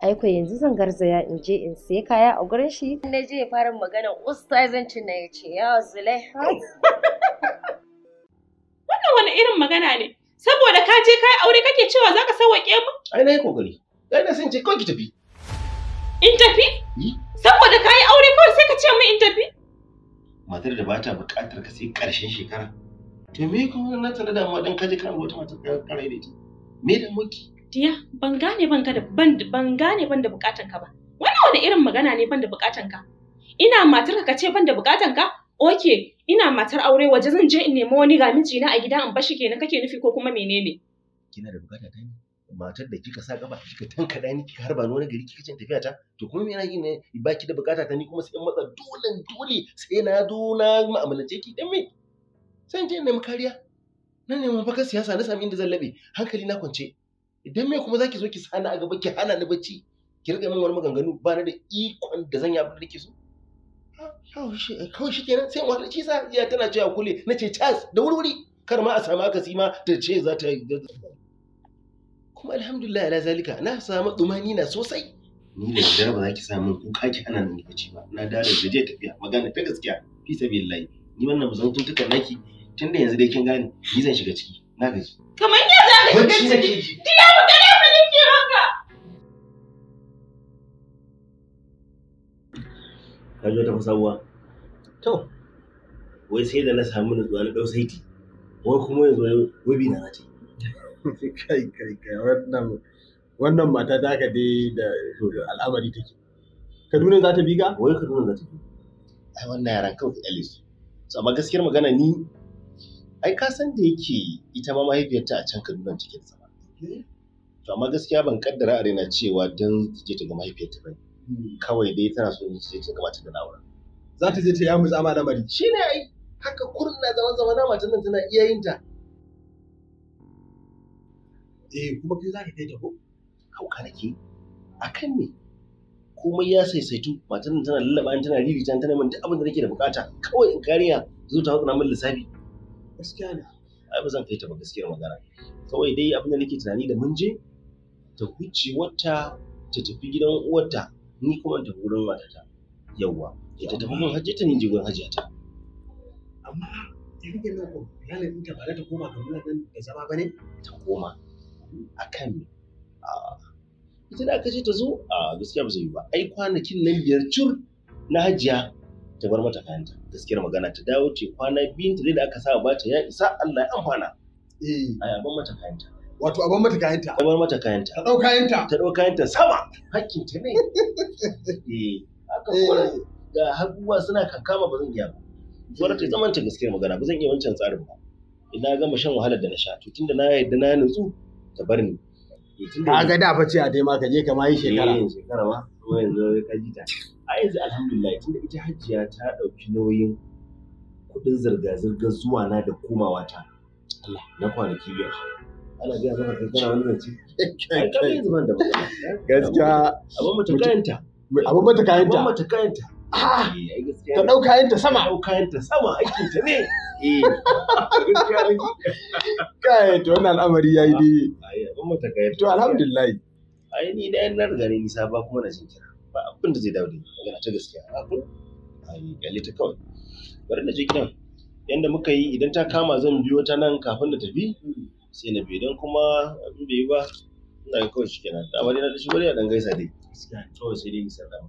aiko yanzu zan garzaya in je in sai kaya a gurin shi na je fara magana ustazancin na ya ce ya zule wannan wani irin magana ne saboda ka je kai aure kake cewa zaka sauwaƙe mu ai na yi kokari ai na san ce kawai ki tafi in tafi saboda ka yi aure kawai sai ka ce mu in tafi matar da bata buƙatar ka sai ƙarshen shekara to me kuma na tare da mu dan ka je kana wata matar karai da ita me da muke diya ban gane ban ka da ban gane ban da bukatan ka ba wannan wani irin magana ne ban da bukatan ka ina matar ka ce ban da bukatan ka oke ina matar aure waje zan je in nemi wani ga mijina a gida in bashi kenan kake nufi ko kuma menene kina da bukata ta ne matar da kika sa gaba kika tanka da ni kika harba ni wani gari kika cin tafiya ta to kuma me yana yi ne ba ki da bukata ta ni kuma sai in matsa dole dole sai na zo na mu'amalance ki dan me sai in je in nemi kariya nan ne mun fakar siyasa na sami inda zan labe hankali na kwance idan me kuma zaki zo ki sani a gaba ki hana ni bacci ki rika min wani maganganu ba ni da ikon da zan yi abin da nake so kawai shi kenan sai wani ci sa ya tana cewa kule na ce cas da wuri-wuri kar ma a samu aka ma ta ce za ta kuma alhamdulillah ala zalika na samu tsumani na sosai ni da dare ba za ki samu kuka ki ana nan bacci ba na dare da je tafiya magana ta gaskiya fi sabilillahi ni wannan musantuntukan naki tunda yanzu dai kin gane ni zan shiga ciki na gaji kamar Baki na kishi. Diya mu gane mu haka. Ka zo ta To, wai sai da na samu nutsuwa na ɗau saiti. Wai kuma yanzu wabi na ce. Kai kai kai wannan wannan mata ta ka dai da al'amari take. Kaduna za ta bi ka? Wai Kaduna za ta bi. Ai wannan yaran kawai Alice. gaskiyar magana ni ai ka san da yake ita ma mahaifiyarta a can Kaduna cikin sama eh. to amma gaskiya ban kaddara a raina cewa dan je ta ga mahaifiyarta ba hmm. kawai dai tana so je ta ga mata da na'ura za ta je ta yamu tsama da mari ne ai haka kurna zaman zaman na matan nan tana iya yin ta eh kuma kai za ka kai ta ko hauka nake akan ne. komai ya saisaitu matan nan tana lallaba tana riri tana min duk abin da nake da bukata kawai in kariya zo ta hauka min lissafi gaskiya ne ai ba zan kai ta ba gaskiyar magana kawai dai abin da nake tunani da mun je ta huce wata ta tafi gidan uwarta ni kuma ta wurin matata yawwa ita tafi mun hajji ta ni je gurin hajjata amma jirgin nan ko lalin ta ba za ta koma kamar nan da zama bane ta koma akan me ita da aka ce ta zo a gaskiya ba zai yi ba ai kwanakin nan biyar cur na hajiya ta bar mata kayanta gaskiyar magana ta dawo ce kwana biyun ta da aka sa ba ta ya isa Allah ya amfana eh ai ban mata kayanta wato abin mata kayanta ta bar mata kayanta ta dau kayanta ta dau kayanta sama hakkin ta ne eh aka ko eh. ga haguwa suna kankama ba zan iya ba zuwa ta zaman ta gaskiyar magana ba zan iya wancan tsarin ba ina gama shan wahalar da na sha to tunda na yadda na nutsu ta bar ni eh, ka ga da fa ce a dai ma ka je ka ma yi shekara eh, shekara ma yanzu ka ji ta a yanzu alhamdulillah tunda ita hajjiya ta ɗauki nauyin kuɗin zirga-zirgar zuwa na da komawa ta na kwanaki biyar ana gaya zama kai kana wani zance gaskiya abin mata kayanta abin mata kayanta abin mata kayanta ah, ah, eh, ta ɗau kayanta sama ɗau kayanta sama aikin ta ne kai to wannan al'amari yayi ah, ne to alhamdulillah ai ni da yan nan gare ni saba kuma na cikin ba abin da zai dawo da ni magana ta gaskiya a yi kyale ta kawai bari na je gidan yanda muka yi idan ta kama zan biyo ta nan kafin da tafi sai na biyo idan kuma in bai yi ba ina ga kawai shikenan amma dai na da shi bari a dan gaisa dai kawai sai dai sallama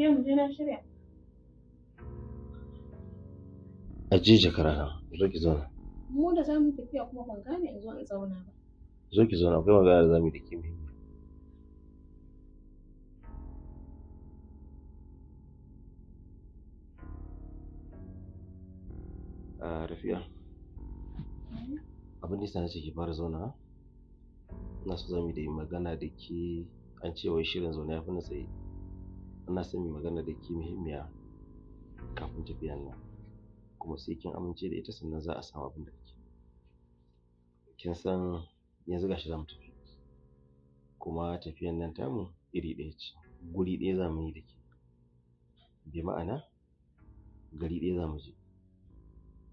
biyan mu je na shirya aje jakara nan zo za mu tafiya kuma ban gane in zo in zauna ba zo ki za mu yi da ke a abin da yasa nace fara zauna ina so za mu da magana da ke an ce shirin zaune ya fi na tsaye na son mu magana da ke muhimmiya kafin tafiyan nan kuma sai kin amince da ita sannan za a samu abin da kake kin san yanzu gashi za mu tafi kuma tafiyan nan tamu iri ɗaya ce guri ɗaya za mu yi da ke bi ma'ana gari ɗaya za mu je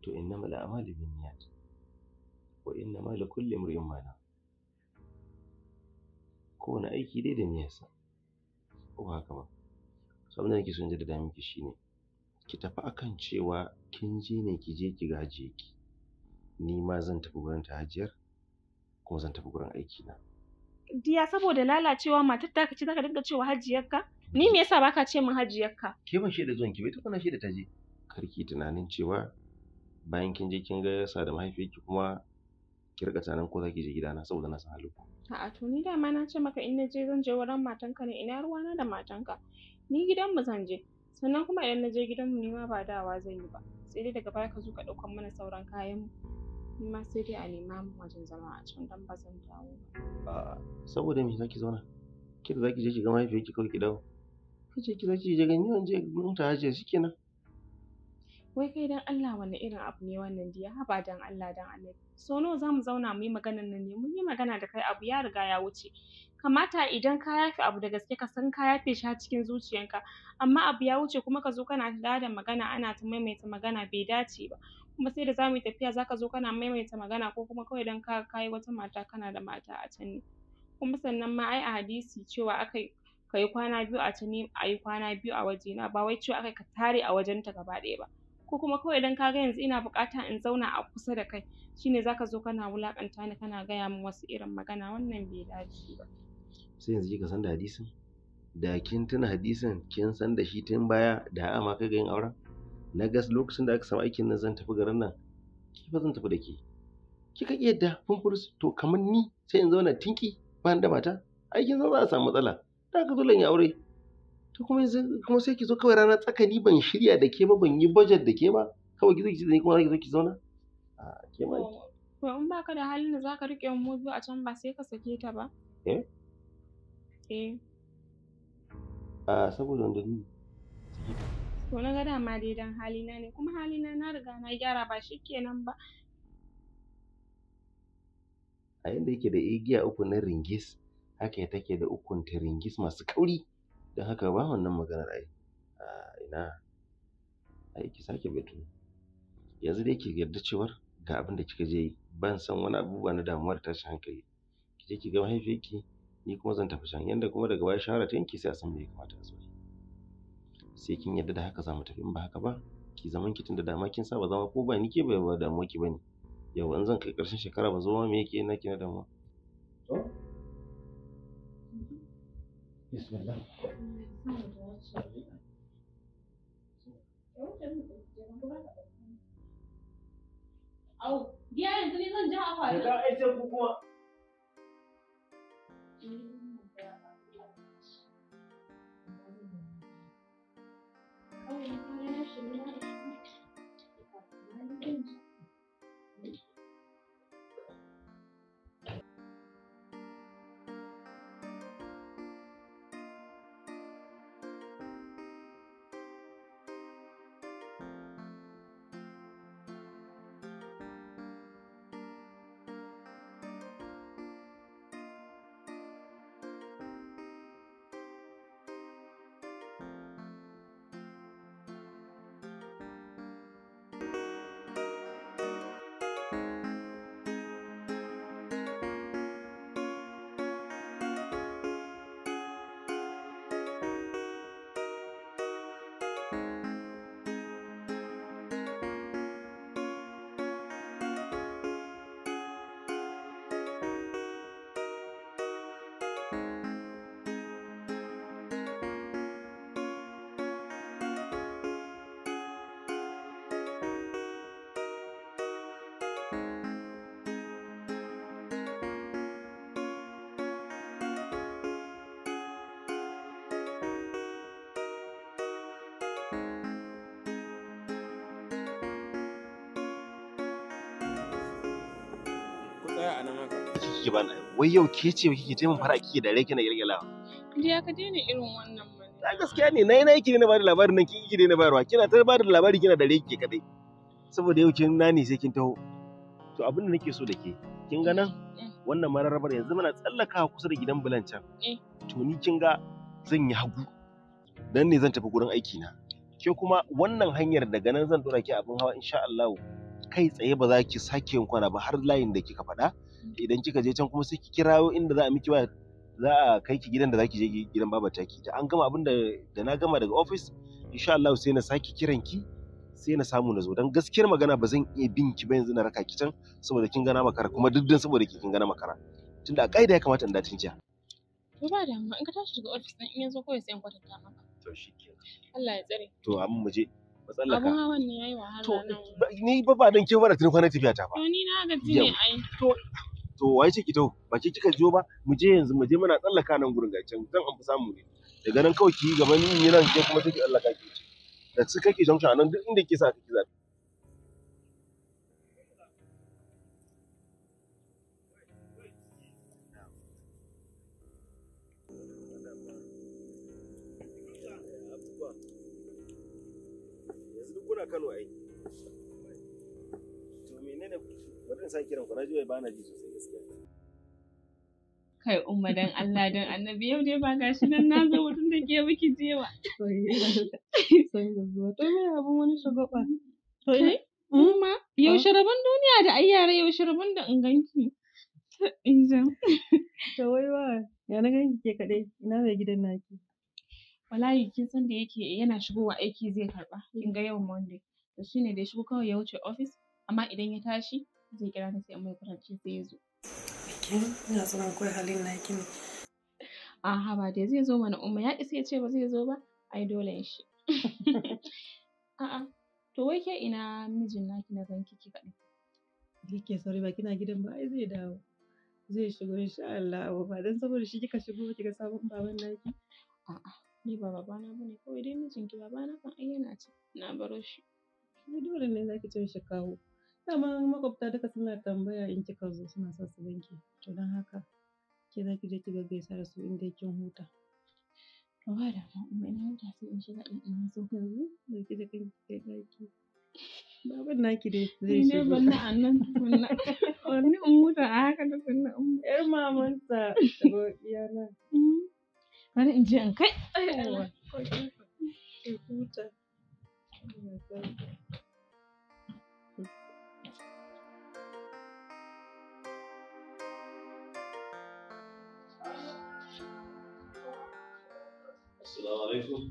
to inna mala amali bin niyyat wa inna ma likulli imrin ma na kowane aiki dai da niyyarsa ko haka ba so abin da so in jaddada miki shine ki tafi akan cewa kin je ne ki je ki gaje ki ni ma zan tafi gurin ta hajiyar ko zan tafi gurin aiki na diya saboda lalacewa matar ta kace zaka dinga cewa hajiyarka ni me yasa baka ce min hajiyarka ke ban shaida zuwan ki bai kana shaida ta je karki tunanin cewa bayan kin je kin ga yasa da mahaifiyarki kuma ki rika tunanin ko zaki je gidana saboda na san ku a'a to ni dama na ce maka in na je zan je wurin matanka ne ina ruwana da matanka ni gidanmu zan je sannan kuma idan na je gidanmu ni ma ba dawa zan yi ba sai dai daga baya ka zo ka ɗauko mana sauran kayan mu ma sai dai a nema mu wajen zama a can dan ba zan dawo ba saboda me zaki zauna ki da zaki je ki ga mahaifiyarki kawai ki dawo kace ki zaki je gani wanje gurin ta hajiya shikenan wai kai dan Allah wani irin abu ne wannan diya haba dan Allah dan Allah so nawa zamu zauna mu yi maganar nan ne mun yi magana da kai abu ya riga ya wuce kamata idan ka yafe abu da gaske ka san ka yafe shi har cikin zuciyanka amma abu ya wuce kuma ka zo kana ta da magana ana ta maimaita magana bai dace ba kuma sai da za yi tafiya zaka zo kana maimaita magana ko kuma kawai don kaga kayi wata mata kana da mata a can ne kuma sannan ma ai a hadisi cewa akai kayi yi kwana biyu a can ni a kwana biyu a wajena ba wai cewa akai ka tare a wajen ta gaba ɗaya ba ko kuma kawai don kaga yanzu ina buƙata in zauna a kusa da kai shine zaka zo kana wulaƙanta ni kana gaya min wasu irin magana wannan bai dace ba sai yanzu kika san da hadisin da kin tuna hadisin kin san da shi tun baya da a ma kai ga yin auren na gas lokacin da aka samu aikin nan zan tafi garin nan ki fa zan tafi da ke kika ki yadda fumfurus to kamar ni sai in zauna tinki ba da mata aikin zan za a samu matsala da aka zo in aure to kuma yanzu kuma sai ki zo kawai rana tsakani ban shirya da ke ba ban yi budget da ke ba kawai ki zo ki zai kuma za ki zo ki zauna a ke ma to in ba ka da halin da ka riƙe mu biyu a can ba sai ka sake ta ba eh Eh. A saboda wanda ni. To na ga dama dai dan halina ne kuma halina na riga na gyara ba shi kenan ba. A yanda yake da igiya uku na ringis haka ya take da ukun ta ringis masu kauri don haka ba wannan maganar ai. A ina ai ki sake batu. Yanzu dai ki yarda cewar ga abin da kika je yi ban san wani abubuwa na damuwar tashin hankali. Ki je ki ga mahaifiyarki ni kuma zan tafi can yanda kuma daga baya shahara ta yanke sai a san me ya kamata a tsari sai kin yarda da haka za mu tafi in ba haka ba ki zaman ki tunda dama kin sa ba zama ko ba ni ke bai ba damuwa ki bane yau in zan kai ƙarshen shekara ba zama me yake naki na damuwa Bismillah. Oh, my a haka kike ba wai yau ke ce kike je mun fara kike da rai kina girgila ya ka daina irin wannan ta gaskiya ne nayi nayi kike ne bada labarin nan kike kike ne bayarwa kina ta bada labari kina da rai kadai saboda yau kin nani sai kin taho to abin da nake so da ke kin ga nan mm. wannan mararrabar yanzu muna tsallakawa kusa da gidan bulancan eh. to ni kin ga zan yi hagu dan ne zan tafi gurin aiki na ke kuma wannan hanyar daga nan zan dora ki abin hawa insha Allah kai tsaye ba za ki sake yin kwana ba har layin da kika faɗa idan kika je can kuma sai ki kirawo inda za a miki waya za a kai ki gidan da zaki je gidan baba taki da an gama abin da da na gama daga office insha Allah sai na saki kiran ki sai na samu na zo dan gaskiyar magana ba zan iya bin ki ba yanzu na raka ki can saboda kin gana makara kuma duk saboda saboda kin gana makara tunda a kaida ya kamata in datin jiya to ba damuwa in ka tashi daga office dan in yanzu kawai sai in kwatanta maka to shikenan Allah ya tsare to amma mu je Abun hawan ne yayi wahala. nan. ni ba ba dan ke fara tun kwana tafiya ta ba. To ni na gaji ne ai. To to wai ce ki to ba ki kika jiyo ba mu je yanzu mu je muna tsallaka nan gurin ga can zan amfi samu ne. Daga nan kawai ki yi gaban ni nan ke kuma take Allah ka ki ce. Da su kake junction a nan duk inda ke sa kake zafi. yanzu duk kuna Kano ai to menene bari in sake kiran ku na ji ba na ji sosai gaskiya kai umma dan Allah dan annabi yau dai ba gashi nan na zo mutum da ke miki jewa sai da zuwa to me abun wani shugaba to ne? umma ah. yau sharaban duniya da ayyara yau sharaban da Injan. to wai wa ya na ganki ke kadai ina mai gidan naki wallahi kin san da yake yana shigowa aiki zai karba eh. kin ga yau monday to shine da ya shigo kawai ya wuce office amma idan ya tashi zai kira ni sai in mai kwanci sai ya zo kin ina tsoron akwai halin naki ne aha ba dai zai zo mana umma ya isa ya ce ba zai zo ba ai dole shi a'a to wai ke ina mijin naki na zanki ki kaɗai yake sauri ba kina gidan ba ai zai dawo zai shigo insha Allah ba dan saboda shi kika shigo kika sabon baban naki a'a Ni ba babana bane kawai dai mijinki babana kan ai yana can na baro shi. Kuma dole ne zaki ce shi kawo. Dama makwabta duka suna tambaya in kika zo suna son su ganki. To don haka ke za ki je ki gaggaisa da su in dai kin huta. To ba da ma umma ina huta sai in shiga in in zo yanzu da ki da kanki kai daki. Baban naki dai zai shigo. Ni ban na annan tukunna. Wani in huta a haka tukunna. Yar mamansa. Iya na. Mm-hmm. bari in ji in kai Assalamu alaikum.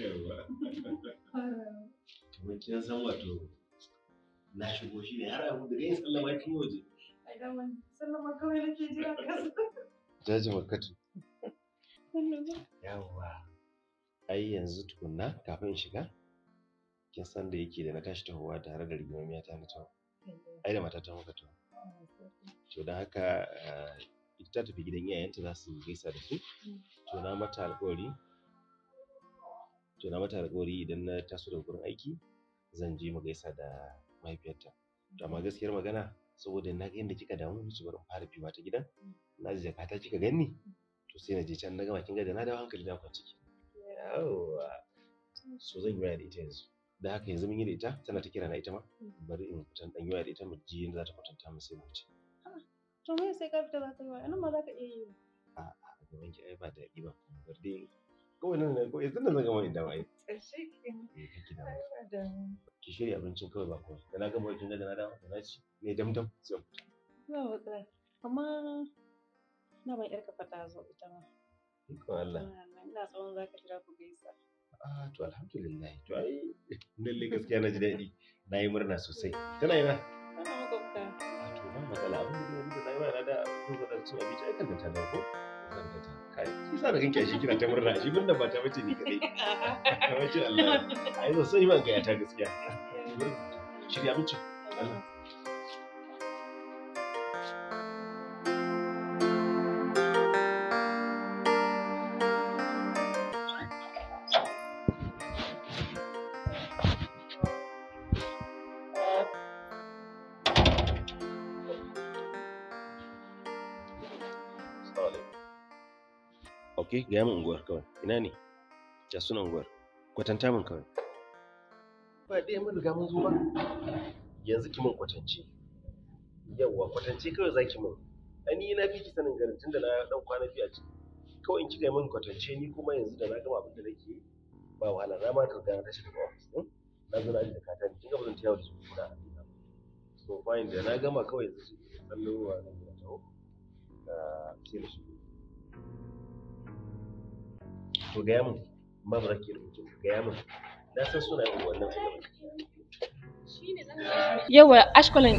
Yawa. san wato na shigo shi ne har abu da gani sallama cikin waje. daman sallama kawai nake jira jaji makatu yawwa ai yanzu tukunna kafin in shiga kin san da yake da na tashi tahowa tare da rigimomiya ta na taho ai da mata ta muka taho to don haka eh, ita ta tafi gidan iyayenta za su gaisa da su to na mata alƙawari to na mata alƙawari idan na taso da gurin aiki zan je mu gaisa da mahaifiyarta to amma gaskiyar magana saboda na ga yadda kika damu su bari in fara biwa ta gidan mm. na ji ta kika ganni mm. to sai na je can na gama kin da na dawo hankali na kwanci yawa so zan yi da ita yanzu da haka yanzu mun yi da ita tana ta kira na ita ma mm. bari in fitan dan yawa da ita mu ji yadda za ta kwatanta mu sai mu ci ah, to me sai ka fita za ta yi wa nan ma za ka iya yi a a gaban ki ai ba daɗi ba bari dai kawai nan ne kawai tunda zan gama idan eh, eh, ai ƙarshe kenan ki shirya abincin kawai ba kawai da na gama abincin da na da na ci ne dam dam sai ku ba amma na ban yarka fata zo ita ma ko Allah ina tsawon zaka jira ku gaisa ah to alhamdulillah to ai lalle gaskiya na ji dadi na yi murna sosai tana yana tana makwabta a ah, to ba matsala abin da na yi ba na da kun da su abinci ai kan ta dawo ko kan ta shi sa da kanki shi kina ta murna shi murna ba ta bace ni kadai masha Allah ai sosai ban ga ta gaskiya eh. shirya mutum Allah Ke gaya min unguwar kawai. Ina ne? Ya suna unguwar. Kwatanta min kawai. Ba ɗaya mun riga mun zo ba. Yanzu ki min kwatance. Yawwa kwatance kawai za ki min. Ani na fi ki sanin garin tunda na ɗan kwana biyu a ciki. Kawai in ki gaya min kwatance ni kuma yanzu da na gama abin da nake yi. Ba wahala na ma ka riga na daga ofis ɗin. Na zo na aji da katani. Kin ga ba zan tayar da su kuna So fine da na gama kawai yanzu sai tsallo wa na gida tawo. Ah, sai na shi ku gaya min ba ba ki ku gaya na san suna yin wannan yawa ashkolin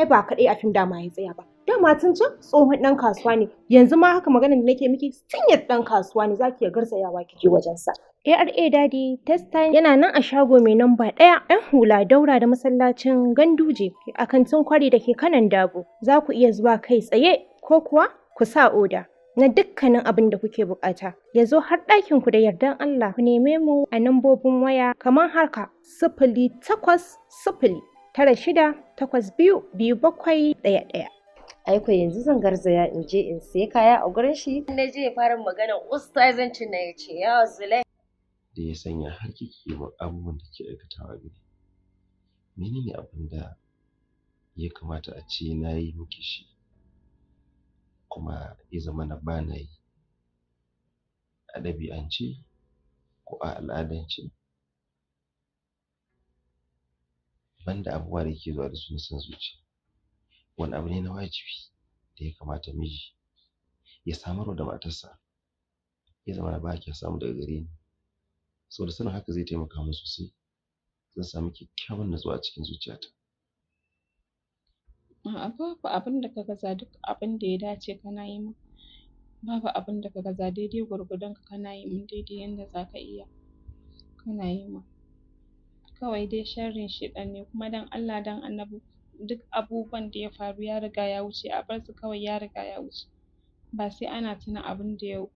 ai ba kaɗai a fim dama ya tsaya ba dama tun can tsohon ɗan kasuwa ne yanzu ma haka maganar da nake miki yadda ɗan kasuwa ne zaki ya garzayawa kike wajen sa ARA Daddy Test Time yana nan a shago mai namba ɗaya ‘yan hula daura da masallacin Ganduje a kantin kwari da ke kanan dabo. Za ku iya zuwa kai tsaye ko kuwa ku sa oda na dukkanin abin da kuke bukata. Ya zo har ɗakin ku da yardan Allah ku neme mu a nambobin waya kamar haka sifili takwas sifili tara shida takwas biyu biyu bakwai ɗaya ɗaya. Aiko yanzu zan garzaya in je in sai kaya a gurin shi. Na je fara magana ustazancin na ya ce yawa zulai. Da ya sanya har kike yi abubuwan da ke aikatawa mene ne abin da ya kamata a ce na yi miki shi kuma ya zama na ba na yi. A ɗabi'ance ko a al'adance banda abubuwa da yake zuwa da su na son zuciya wani abu ne na wajibi da ya kamata miji ya samarwa da matarsa ya zama ba kya samu daga gare ni saboda sanin haka zai taimaka min sosai zan samu kyakkyawan natsuwa a cikin zuciyata a'a babu abin da ka gaza duk abin da ya dace kana yi min babu abin da ka gaza daidai gwargwadon ka kana yi min daidai yanda za ka iya kana yi min kawai dai sharrin ɗan ne kuma dan Allah dan Annabi duk abubuwan da ya faru ya riga ya wuce a bar kawai ya riga ya wuce ba sai ana tuna da ya